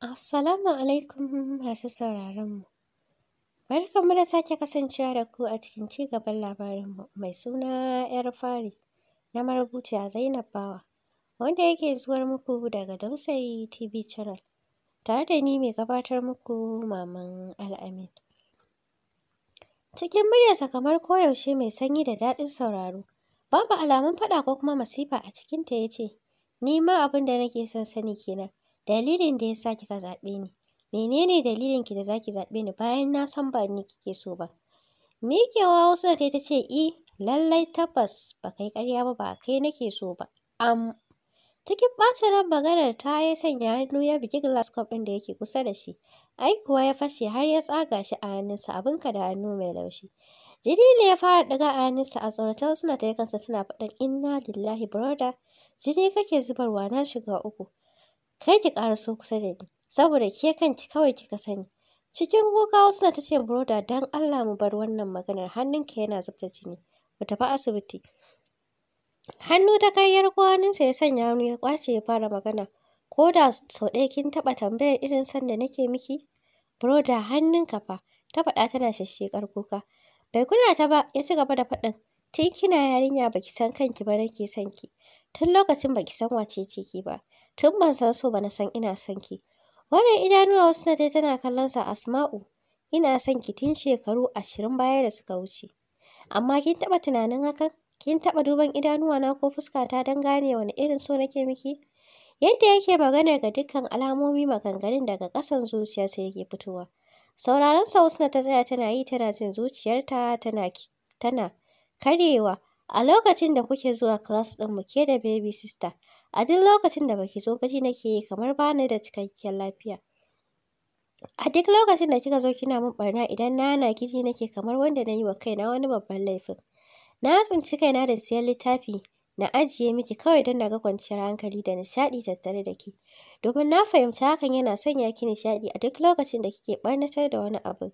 Assalamu alaikum masu sauraronmu. Barkanmu da sake kasancewa da ku a cikin ci gaban labarinmu mai suna ‘yar fari na Marubuci a Zainab Bawa, wanda yake zuwar muku daga Dausayi TV Channel, tare da ni mai gabatar muku Maman Al'amin. Cikin muryarsa kamar koyaushe mai sanyi da daɗin sauraro, babu alamun faɗa ko kuma masifa a cikinta ya ce, Ni ma abin da nake son sani kenan. Dalilin da ya sa kika zaɓe ni. Menene dalilin ki da zaki zaɓe ni bayan na san ba ni kike so ba? Miƙewa wasu da ta ta ce i e, lallai tabbas ba kai ƙarya ba ba kai nake so ba. Am cikin ɓacin ran maganar ta ya sanya hannu ya bugi glass cup ɗin da yake kusa da shi. Ai kuwa ya fashe har ya tsaga shi a hannunsa ka da hannu mai laushi. Jini ne ya fara ɗaga a hannunsa a tsorata suna ta yi kansa tana faɗin inna lillahi broda jini kake zubarwa na shiga uku. kai ki ƙaraso kusa da ni, saboda ke kanki kawai kika sani. Cikin gogawa wasu ta ce broda don Allah mu bar wannan maganar hannunka yana zub da jini, mu tafi asibiti. Hannu ta kai yar hannunsa ya sanya hannu ya kwace ya fara magana. Ko da sau ɗaya kin taɓa tambayar irin sanda da nake miki? Broda hannunka fa, ta faɗa tana shashshekar kuka. Bai kula ta ba, ya ci gaba da faɗin. Tun kina yarinya baki san kanki ba nake sanki Tun lokacin baki san wace ce ki ba. tun ban san so ba na san ina son ki. Wannan idanuwa wasu na tana kallon sa Asma'u, ina son ki tun shekaru ashirin baya da suka wuce. Amma kin taɓa tunanin hakan? Kin taɓa duban idanuwa idanuwana ko fuskata don gane wani irin so nake miki? Yadda yake maganar ga dukkan alamomi maganganun daga ƙasan zuciyarsa yake fitowa. Sauraron sa ta tsaya tana yi tana jin zuciyarta tana tana karyewa. A lokacin da kuke zuwa class ɗin mu ke da baby sister, A duk lokacin da baki zo ba nake yi kamar bani da cikakkiyar lafiya. A duk lokacin da kika zo kina min barna idan na na ki nake kamar wanda na yi wa kaina wani babban laifin. Na tsinci kaina da siyan littafi na ajiye miki kawai don na ga kwanciyar hankali da nishaɗi tattare da ke. Domin na fahimci hakan yana sanya ki nishaɗi a duk lokacin da kike ɓarnatar da wani abu.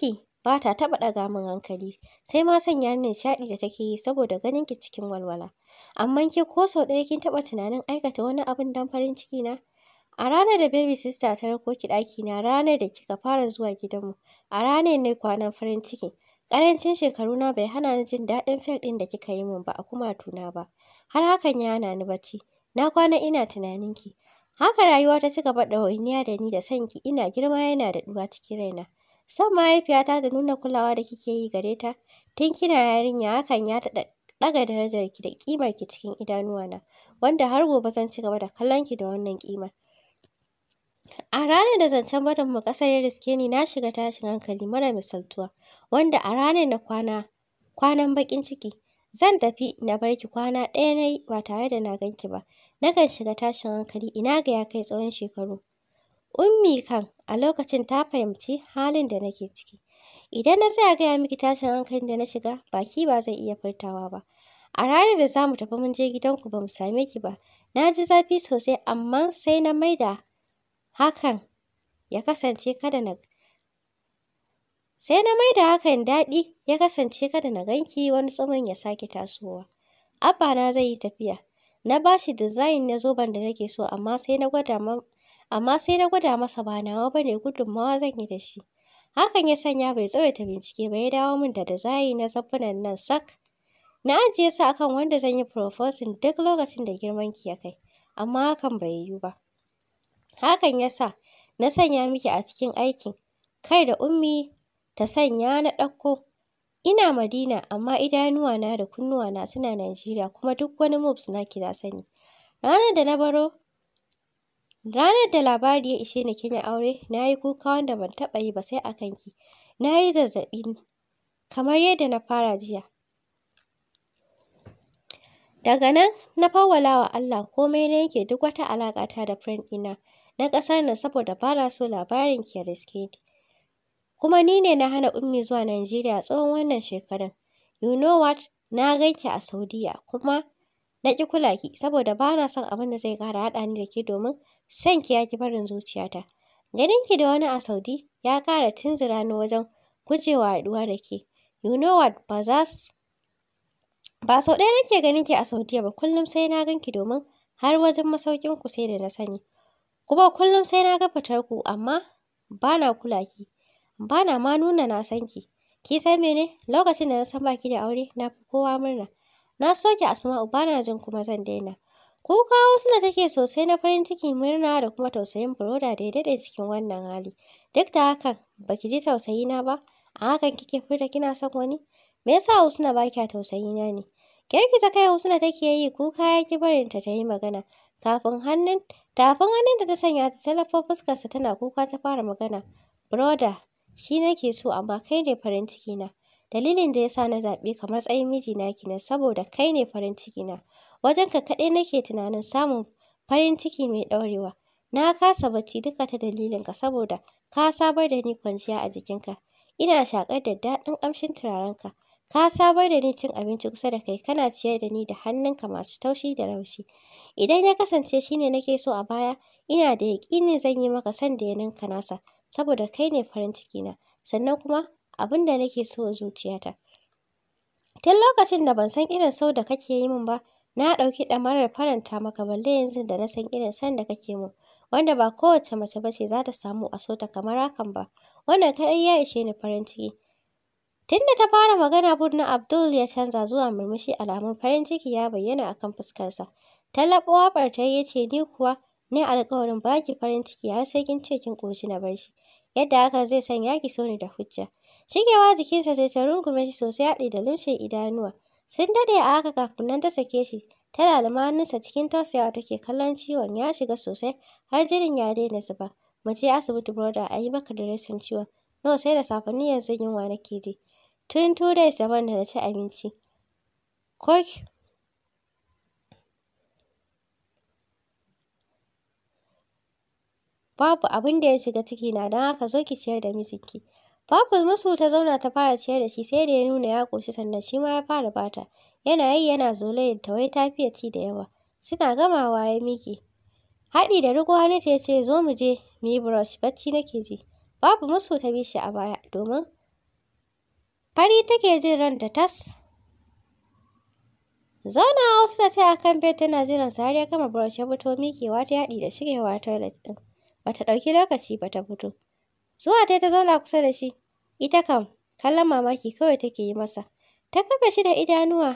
ki. ba ta taɓa ɗaga min hankali sai ma sanya ni nishaɗi da take yi saboda ganin ki cikin walwala amma ke ko sau ɗaya kin taɓa tunanin aikata wani abin don farin ciki na a ranar da baby sister ta rako ki ɗaki na ranar da kika fara zuwa gidanmu a ranar ne kwanan farin ciki Ƙarancin shekaru na bai hana ni jin daɗin fek ɗin da kika yi min ba a kuma tuna ba har hakan ya hana ni bacci na kwana ina tunanin ki Haka rayuwa ta ci gaba da da ni da sanki ina girma yana da ɗuwa cikin raina. san mahaifiyata da nuna kulawa da kike yi gare ta, tun kina yarinya hakan ya taɗa ɗaga darajarki da ƙimarki cikin idanuwana, wanda har gobe zan ci gaba da kallon ki da wannan ƙimar. A ranar da zancen barin mu ƙasar ya riske ni na shiga tashin hankali mara misaltuwa, wanda a ranar na kwana kwanan baƙin ciki. Zan tafi na bar ki kwana ɗaya na yi ba tare da na ganki ba. Nakan shiga tashin hankali ina ga ya kai tsawon shekaru. Ummi kan a lokacin ta fahimci halin da nake ciki. Idan na tsaya gaya miki tashin hankalin da na shiga, baki ba zai iya furtawa ba. A ranar da za mu tafi mun je gidanku ba mu same ki ba. Na ji zafi sosai amma sai na maida hakan ya kasance kada na sai na maida hakan daɗi ya kasance kada na ganki wani tsumin ya sake tasowa. Abba na zai yi tafiya. Na ba shi design na zoben da nake so amma sai na gwada amma sai na gwada masa ba nawa ba ne gudunmawa zan yi da shi. Hakan ya sanya bai tsawaita bincike ba ya dawo min da zayi na zabbunan nan sak. Na ajiye su akan wanda zan yi proposing duk lokacin da girman ki ya kai, amma hakan bai yiwu ba. Hakan ya sa na sanya miki a cikin aikin, kai da ummi ta sanya na ɗauko. Ina Madina amma idanuwana da kunnuwana suna Najeriya kuma duk wani moves ki na sani. Ranar da na baro Ranar da labari ya ishe ni kin yi aure, na yi kuka wanda ban taɓa yi ba sai a kanki. Na yi zazzaɓi kamar yadda na fara jiya. Daga nan na fawwala wa Allah komai na yake duk wata alaƙa ta da friend ɗina na ƙasar nan saboda ba na so labarin ki riske ni. Kuma ni ne na hana Ummi zuwa Najeriya tsawon wannan shekarun. You know what? Na gan ki a Saudiya kuma na ƙi kula ki saboda ba na son abin da zai ƙara haɗa ni da ke domin Sanki ya ki barin zuciyata. Ganin ki da wani a Saudi ya ƙara tunzura ni wajen gujewa haɗuwa da ke. You know what, ba za su Ba sau ɗaya nake ganin ki a Saudiya ba, kullum sai na gan ki domin har wajen masaukin ku sai da na sani. Kuma kullum sai na ga fitar ku amma ba na kula ki. Ba na ma nuna na san ki. Ki san mene? Lokacin da na san baki da aure, na fi kowa murna. Na so ki Asma'u ba na jin kuma zan daina. Kuka suna take sosai na farin ciki murna da kuma tausayin Broda da ya daɗe cikin wannan hali. Duk da hakan ki ji tausayi na ba, a hakan kike furta kina son wani? Me yasa Usuna ba kya tausayina ne? Girgiza kai Usuna take yi kuka ya ki barinta ta yi magana. Kafin hannun tafin da ta sanya ta talaffa fuskarsa tana kuka ta fara magana. Broda, shi nake so amma kai ne farin ciki na. Dalilin da ya sa na zaɓe ka matsayin mijina kenan saboda kai ne farin ciki na, wajen ka kaɗai nake tunanin samun farin ciki mai ɗorewa. Na kasa bacci duka ta dalilinka saboda ka sabar da ni kwanciya a jikinka. Ina shaƙar daɗin ƙamshin turarenka. Ka sabar da ni cin abinci kusa da kai kana ciyar da ni da hannunka masu taushi da laushi. Idan ya kasance shi ne nake so a baya, ina da yaƙinin zan yi maka son da ya ninka nasa, saboda kai ne farin ciki na, Sannan kuma abin da nake so zuciyata. Tun lokacin da ban san irin sau da kake yi min ba, na ɗauki ɗamarar faranta maka balle yanzu da na san irin san da kake min, wanda ba kowace mace ba ce za ta samu a so ta kamar hakan ba. Wannan kaɗai ya ishe ni farin ciki. Tun da ta fara magana Burna Abdul ya canza zuwa murmushi alamun farin ciki ya bayyana a kan fuskarsa. Ta laɓo ta ya ce ni kuwa ni alƙawarin baki farin ciki har sai kin ce kin ƙoshi na bar shi. Yadda hakan zai sanya ki so ni da hujja. Shigewa jikinsa sai ta rungume shi sosai haɗe da lumshe idanuwa. Sun daɗe a haka kafin nan ta sake shi. Ta lalama cikin tausayawa take kallon ciwon ya shiga sosai har jinin ya daina zuba. Mu je asibiti brother a yi maka da rashin ciwon. Nawa sai da safe ni yanzu yunwa nake ji. Tun two days daban da na ci abinci. Ko Babu abin da ya shiga ciki na don haka zo ki ciyar da mijinki. Babu musu ta zauna ta fara ciyar da shi sai da ya nuna ya ƙoshi sannan shi ma ya fara bata. Yana yi yana zole ta wai ta fiye ci da yawa. Suna gamawa ya miƙe. Haɗi da rigo hannu ta ce zo mu je mu yi brush bacci nake ji. Babu musu ta bi shi a baya domin fari take jin ran da tas. Zauna wasu da ta kan bed tana jiran sa har ya gama brush ya fito miƙewa ta yaɗi da shigewa toilet ɗin. Bata ɗauki lokaci ba ta fito. Zuwa ta ta zauna kusa da shi. Ita kam, kallon mamaki kawai take yi masa. Ta kafa shi da idanuwa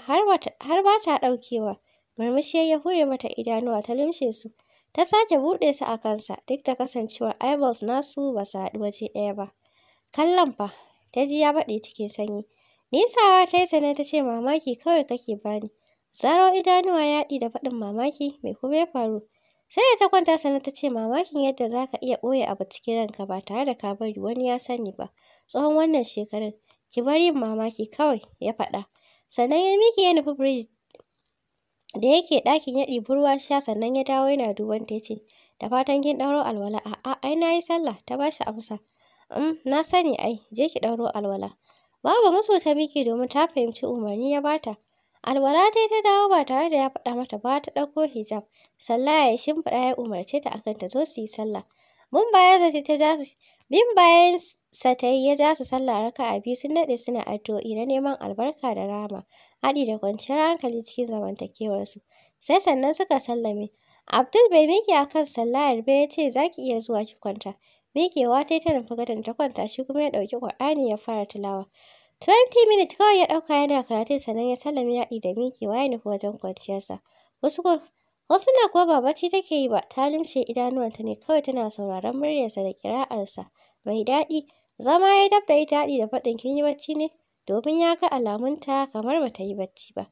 har ba ta ɗaukewa. Murmushi ya hure mata idanuwa ta limshe su. Ta sake buɗe su a kansa duk da kasancewar eyeballs nasu ba su haɗu waje ɗaya ba. Kallon fa, ta ji ya baɗe cikin sanyi. Nisawa ta yi sannan ta ce mamaki kawai kake bani. Zaro idanuwa ya ɗi da faɗin mamaki me kuma ya faru? Sai ta kwanta sannan ta ce mamakin yadda za ka iya ɓoye abu cikin ranka ba tare da ka bari wani ya sani ba tsohon wannan shekarun. Ki bar yin mamaki kawai, ya faɗa. Sannan ya miƙe ya nufi firij da yake ɗakin ya ɗibi ruwa sha sannan ya dawo yana duban ta ya ce, da fatan kin ɗauro alwala. A'a, ai na yi sallah, ta ba shi amsa. Um, na sani ai, je ki ɗauro alwala. Babu maso ta miƙe domin ta fahimci umarni ya bata. Alwala yi ta dawo ba tare da ya faɗa mata ba ta ɗauko hijab. Sallah ya shimfiɗa ya umarce ta akan ta zo su yi sallah. Mun bayar da ta ja su bin bayan sa ta yi ya ja su sallah a biyu sun daɗe suna addu'o'i na neman albarka da rama haɗi da kwanciyar hankali cikin zamantakewarsu. Sai sannan suka sallame. Abdul bai miƙe kan sallayar ba ya ce za ki iya zuwa ki kwanta. Miƙewa ta yi ta nufi gadon ta kwanta shi kuma ya ɗauki Ƙur'ani ya fara tilawa. Twenty minutes kawai ya ɗauka yana karatun sannan ya sallame yaɗi da miƙewa ya nufi wajen kwanciyarsa. Wasu wasu na kuwa ba bacci take yi ba, ta lumshe idanuwanta ne kawai tana sauraron muryarsa da ƙira'arsa mai daɗi. Zama ya dab da ita haɗi da faɗin kin yi bacci ne domin ya ga alamunta kamar ba ta yi bacci ba.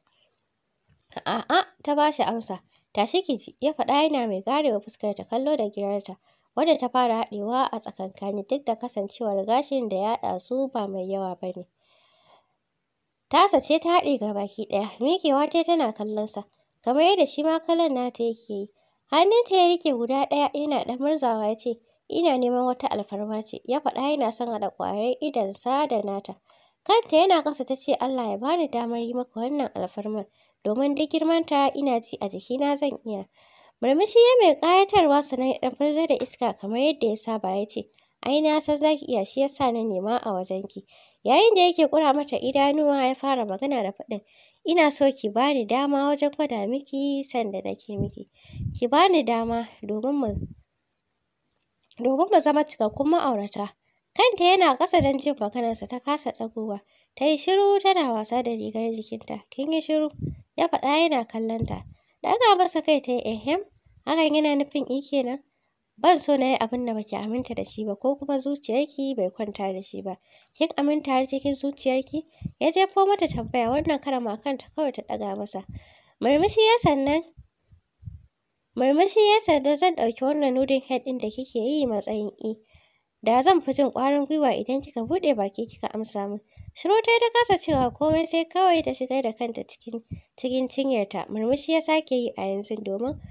A'a ta ba shi amsa. Tashi ki ji, ya faɗa yana mai garewa fuskar ta kallo da girarta. wadda ta fara haɗewa a tsakankani duk da kasancewar gashin da ya haɗa su ba mai yawa ba ne. Tasa ce ta haɗe ga baki ɗaya, miƙewa ta tana sa. kamar yadda shi ma kallon nata yake yi. Hannunta ya riƙe guda ɗaya yana ɗan murzawa ya ce, ina neman wata alfarma ce, ya faɗa yana son haɗa ƙwayar sa da nata. Kanta yana ƙasa ta ce Allah ya bani damar yi maka wannan alfarmar, domin duk girmanta ina ji a jikina zan iya. Murmushi ya mai ƙayatarwa sannan ya ɗan da iska kamar yadda ya saba ya ce, ai na san za iya shi yasa na nema a wajen ki. Yayin da yake kura mata idanuwa ya fara magana da faɗin, ina so ki bani dama wajen gwada miki sanda nake miki. Ki bani dama domin mu domin mu zama cikakkun ma'aurata. Kanta yana ƙasa don jin maganarsa ta kasa ɗagowa. Ta yi shiru tana wasa da rigar jikinta. Kin yi shiru? Ya faɗa yana kallonta. Ɗaga masa kai ta yi ehem. Hakan yana nufin i kenan. ban so na yi abin da baki aminta da shi ba ko kuma zuciyarki bai kwanta da shi ba kin aminta har cikin zuciyarki ya jefo mata tambaya wannan ma kanta kawai ta ɗaga masa murmushi ya sannan murmushi ya sanda zan ɗauki wannan nudin head din da kike yi matsayin i e. da zan fi jin ƙwarin gwiwa idan kika buɗe baki kika amsa min shiru ta ta kasa cewa komai sai kawai ta shigar da kanta cikin cikin cinyarta murmushi ya sake yi a yanzu domin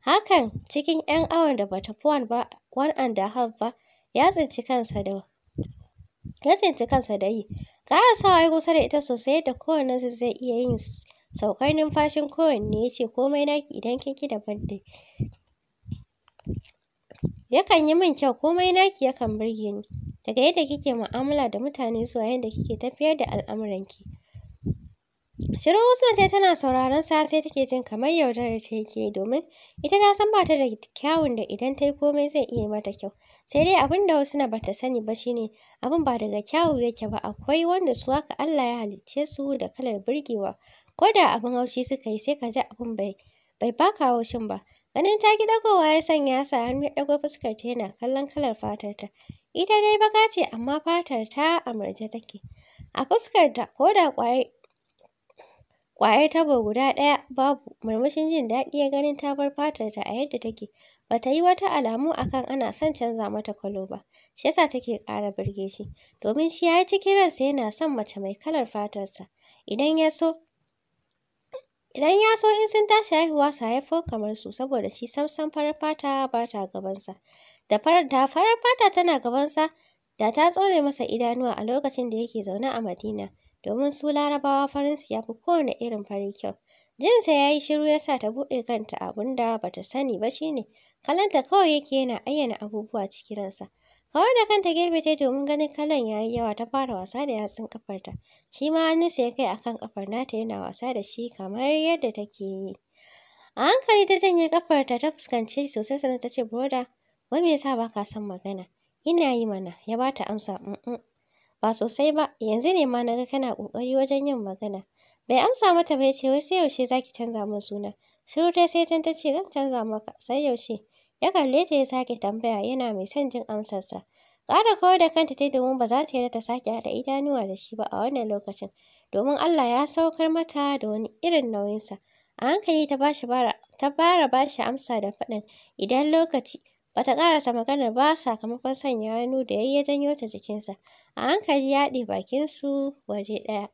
Hakan cikin 'yan awon da bata ta fi one and a half ba ya tsinci kansa da ya tsinci kansa da yi. Ƙarasawa ya gusa da ita sosai yadda su zai iya yin saukar numfashin kowanne ya ce komai naki idan kin ki daban ne. Yakan yi min kyau komai naki yakan burge ni. Daga yadda kike mu'amala da mutane zuwa yadda kike tafiyar da al'amuranki. Shirin Usman ce tana sauraron sa sai take jin kamar yaudarar ta yake domin ita ta san ba ta da kyawun da idan ta yi komai zai iya mata kyau. Sai dai abin da na ba ta sani ba shine abin ba daga kyawu yake ba akwai wanda su haka Allah ya halicce su da kalar birgewa. Ko da abin haushi suka yi sai ka ji abin bai bai baka haushin ba. Ganin ta ki dagowa ya sanya sa hannu ya dago fuskar ta yana kallon kalar fatar ta. Ita dai baka ce amma fatar ta a murje take. A fuskar ta ko da ƙwayar tabo guda ɗaya babu, murmushin jin daɗi ya ganin ta bar fatarta a yadda take. Ba ta yi wata alamu akan ana son canza mata kwalo ba, shi yasa take ƙara birge shi, domin shi ya yi cikin ransa yana son mace mai kalar fatarsa. Idan ya so, Idan ya so in sun tashi haihuwa su haifo kamar su saboda shi samsam farar fata ba ta gabansa. Da farar fata tana gabansa da ta tsore masa idanuwa a lokacin da yake zaune a Madina. domin su larabawa farinsu ya fi kowane irin farin kyau. Jinsa ya yi shiru ya sa ta buɗe kanta abin da ba ta sani ba shi ne, kalanta kawai yake yana ayyana abubuwa cikin ransa. Kawar da kanta gefe ta domin ganin kalan ya yi yawa ta fara wasa da yatsun kafarta, shi ma hannunsa ya kai a kan kafar nata yana wasa da shi kamar yadda take yi. A hankali ta janye ƙafarta, ta fuskanci sosai sannan ta ce, Broda, wai me ya sa ba ka son magana? Ina yi mana, ya ba ta amsa, mm ba sosai ba yanzu ne ma na ga kana ƙoƙari wajen yin magana bai amsa mata ba ya ce wai sai yaushe za ki canza min suna shiru sai can ta ce zan canza maka sai yaushe ya kalle ta ya sake tambaya yana mai son jin amsarsa ƙara kawar da kanta ta domin ba za ta yarda ta sake haɗa idanuwa da shi ba a wannan lokacin domin Allah ya saukar mata da wani irin nauyinsa a hankali ta bashi bara ta bara bashi amsa da faɗin idan lokaci bata ƙarasa maganar ba sakamakon sanya hannu da yayi ya janyo ta jikinsa A hankali ya haɗe bakinsu waje ɗaya.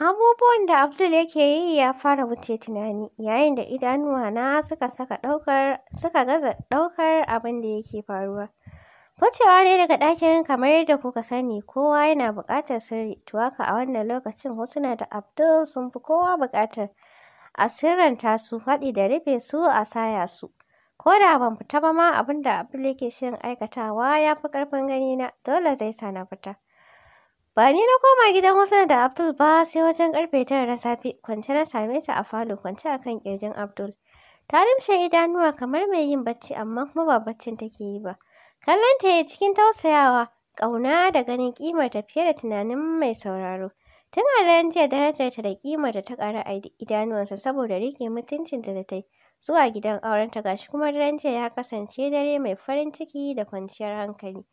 Abubuwan da Abdul yake yi ya fara wuce tunani, yayin da idanuwana suka saka ɗaukar suka gaza ɗaukar abin da yake faruwa. Wucewa ne daga ɗakin kamar yadda kuka sani kowa yana buƙatar sirri, to a wannan lokacin Husna da Abdul sun fi kowa buƙatar a sirranta su faɗi da rufe su a saya su. Ko da ban fita ba ma abin da Abdul yake shirin aikatawa ya fi ƙarfin ganina, dole zai sa na fita. Ba ni na koma gidan wasu da Abdul ba sai wajen karfe tara na safe, kwance na same ta a falo kwance a kan ƙirjin Abdul. Ta limshe idanuwa kamar mai yin bacci amma kuma ba baccin take yi ba. Kallon ta yi cikin tausayawa, ƙauna da ganin ƙimar ta fiye da tunanin mai sauraro. Tana a daren jiya darajarta da ƙimar da ta kara a idanuwansa saboda riƙe mutuncinta da ta yi. zuwa gidan aurenta gashi kuma daren jiya ya kasance dare mai farin ciki da kwanciyar hankali.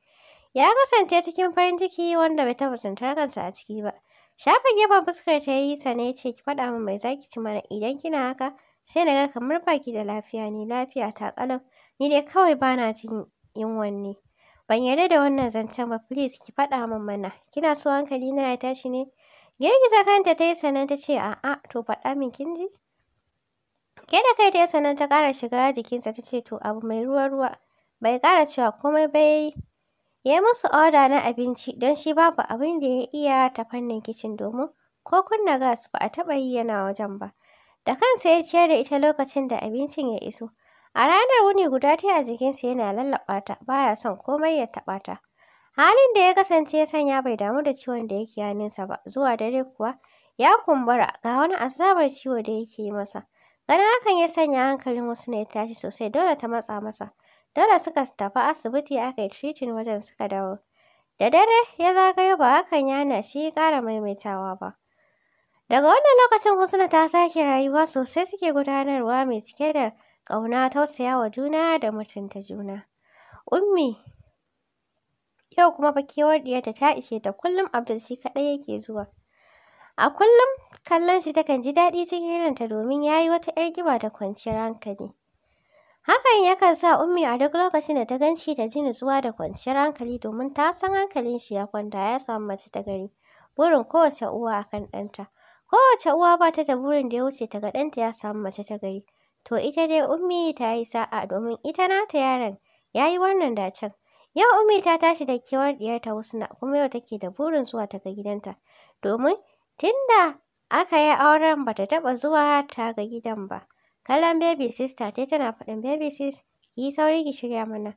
Ya kasance cikin farin ciki wanda bai taɓa tuntar kansa a ciki ba. Shafin gefen fuskar ta yi sane ce ki faɗa min mai zaki ci mana idan kina haka sai na ga kamar baki da lafiya ne lafiya ta ƙalau ni dai kawai bana jin yunwan ne. Ban yarda da wannan zancen ba please ki faɗa min mana kina so hankali na ya tashi ne? Girgiza kanta ta yi sannan ta ce a'a to faɗa min kin ji? Ke da kai dai sannan ta ƙara shiga jikinsa ta ce to abu mai ruwa-ruwa. Bai ƙara cewa komai ba ya yi. Ya yi musu oda na abinci don shi babu abin da ya iya ta fannin kicin domin ko kunna gas ba a taɓa yi yana wajen ba. Da kansa ya ciyar da ita lokacin da abincin ya iso. A ranar wuni guda ta a jikinsa yana lallaɓa ta, baya son komai ya taɓa ta. Halin da ya kasance ya sanya bai damu da ciwon da yake hannunsa ba, zuwa dare kuwa ya kumbura ga wani azabar ciwo da yake yi masa. Ganin hakan ya sanya hankalin wasu na ya tashi sosai dole ta matsa masa. Dole suka tafi asibiti aka yi treating wajen suka dawo. Da dare ya zagayo ba hakan ya hana shi ƙara maimaitawa ba. Daga wannan lokacin Husna ta sake rayuwa sosai suke gudanarwa mai cike da ƙauna tausaya wa juna da mutunta juna. Ummi yau kuma fa kewar ta ishe ta kullum Abdul shi kaɗai yake zuwa. A kullum kallon shi takan ji daɗi cikin ranta domin ya yi wata 'yar ƙiba da kwanciyar hankali. Hakan yakan sa Ummi a duk lokacin da ta gan shi ta ji nutsuwa da kwanciyar hankali domin ta san hankalin shi ya kwanta ya samu mace ta gari. Burin kowace uwa a kan ɗanta. Kowace uwa ba ta da burin da ya wuce ta ga ɗanta ya samu mace ta gari. To ita dai Ummi ta yi sa'a domin ita nata yaron ya yi wannan can. Yau Ummi ta tashi da kewar ɗiyarta Husna kuma yau take da burin zuwa ta ga gidanta domin Tun da aka yi auren bata ta taɓa zuwa ta ga gidan ba. Kallon Baby Sister ta tana faɗin Baby Sis, yi sauri ki shirya mana.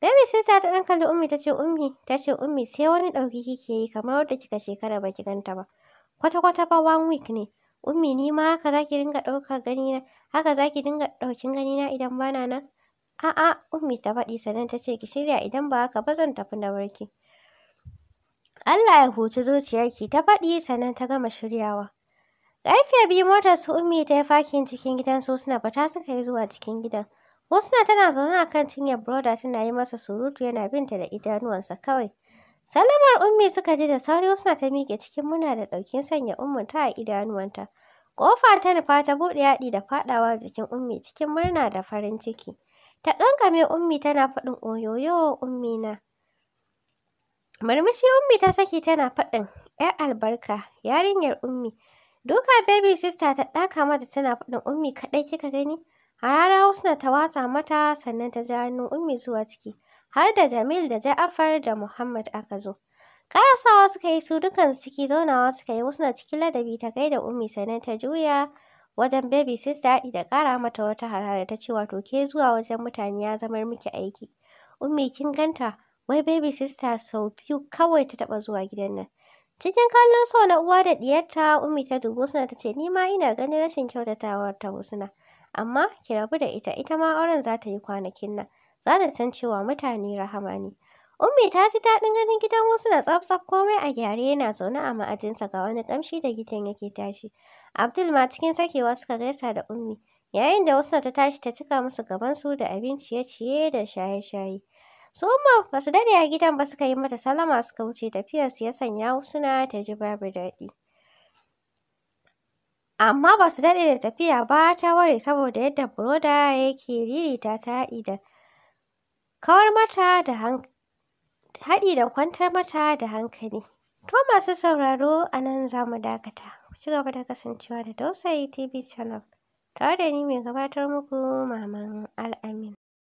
Baby Sister ta ɗan kalli Ummi ta ce Ummi, ta ce Ummi sai wani ɗauki kike yi kamar wadda kika shekara ba ki ganta ba. Kwata-kwata ba one week ne. Ummi ni ma haka za ki dinga ɗaukar ganina, haka za dinga ɗaukin ganina idan ba nan? A'a, Ummi ta faɗi sannan ta ce ki shirya idan ba haka ba zan tafi na barki. Allah ya huci zuciyarki ta faɗi sannan ta gama shiryawa. Ƙarfe biyu motar su ummi ta yi fakin cikin gidan su suna fita suka yi zuwa cikin gidan. Husna tana zaune a kan cinyar broda tana yi masa surutu yana binta da idanuwansa kawai. Salamar ummi suka ji da sauri Husna ta miƙe cikin muna da ɗaukin sanya ta a idanuwanta. Ƙofa ta nufa ta buɗe yaɗi da faɗawa jikin ummi cikin murna da farin ciki. Ta ƙanƙame ummi tana faɗin oyoyo ummi na. Murmushi Ummi ta saki tana faɗin, ‘yar albarka, yarinyar Ummi. Duka baby sister ta ɗaka mata tana faɗin Ummi kaɗai kika gani? Harara Husna ta watsa mata sannan ta ja hannun Ummi zuwa ciki, har da Jamil da Ja'afar da Muhammad aka zo. Karasawa suka yi su dukansu ciki zaunawa suka yi Husna cikin ladabi ta gaida Ummi sannan ta juya wajen baby sister da ƙara mata wata harara ta ce wato ke zuwa wajen mutane ya zamar miki aiki. Ummi kin ganta? wai baby sister sau biyu kawai ta taɓa zuwa gidan nan. Cikin kallon so na uwa da ɗiyarta Ummi ta dubo suna ta ce ni ma ina ganin rashin kyautatawar ta Husna. Amma ki rabu da ita ita ma auren za ta yi kwanakin nan. Za ta san cewa mutane rahama ne. Ummi ta ji daɗin ganin gidan Husna tsaf-tsaf komai a gyare yana zaune a ma'ajinsa ga wani ƙamshi da gidan yake tashi. Abdul ma cikin sakewa suka gaisa da Ummi. Yayin da Husna ta tashi ta cika musu gabansu da abin ciye-ciye da shaye-shaye. Su Umma ba su daɗe a gidan ba suka yi mata salama suka wuce tafiya su ya sanya suna ta ji babu daɗi. Amma ba su daɗe da tafiya ba ta ware saboda yadda Buroda yake ririta ta haɗi da kawar mata da haɗi da kwantar mata da hankali. To masu sauraro a nan za mu dakata. Ku ci gaba da kasancewa da tausayi, TV Channel. Tare da ni mai gabatar muku Maman Al'amin.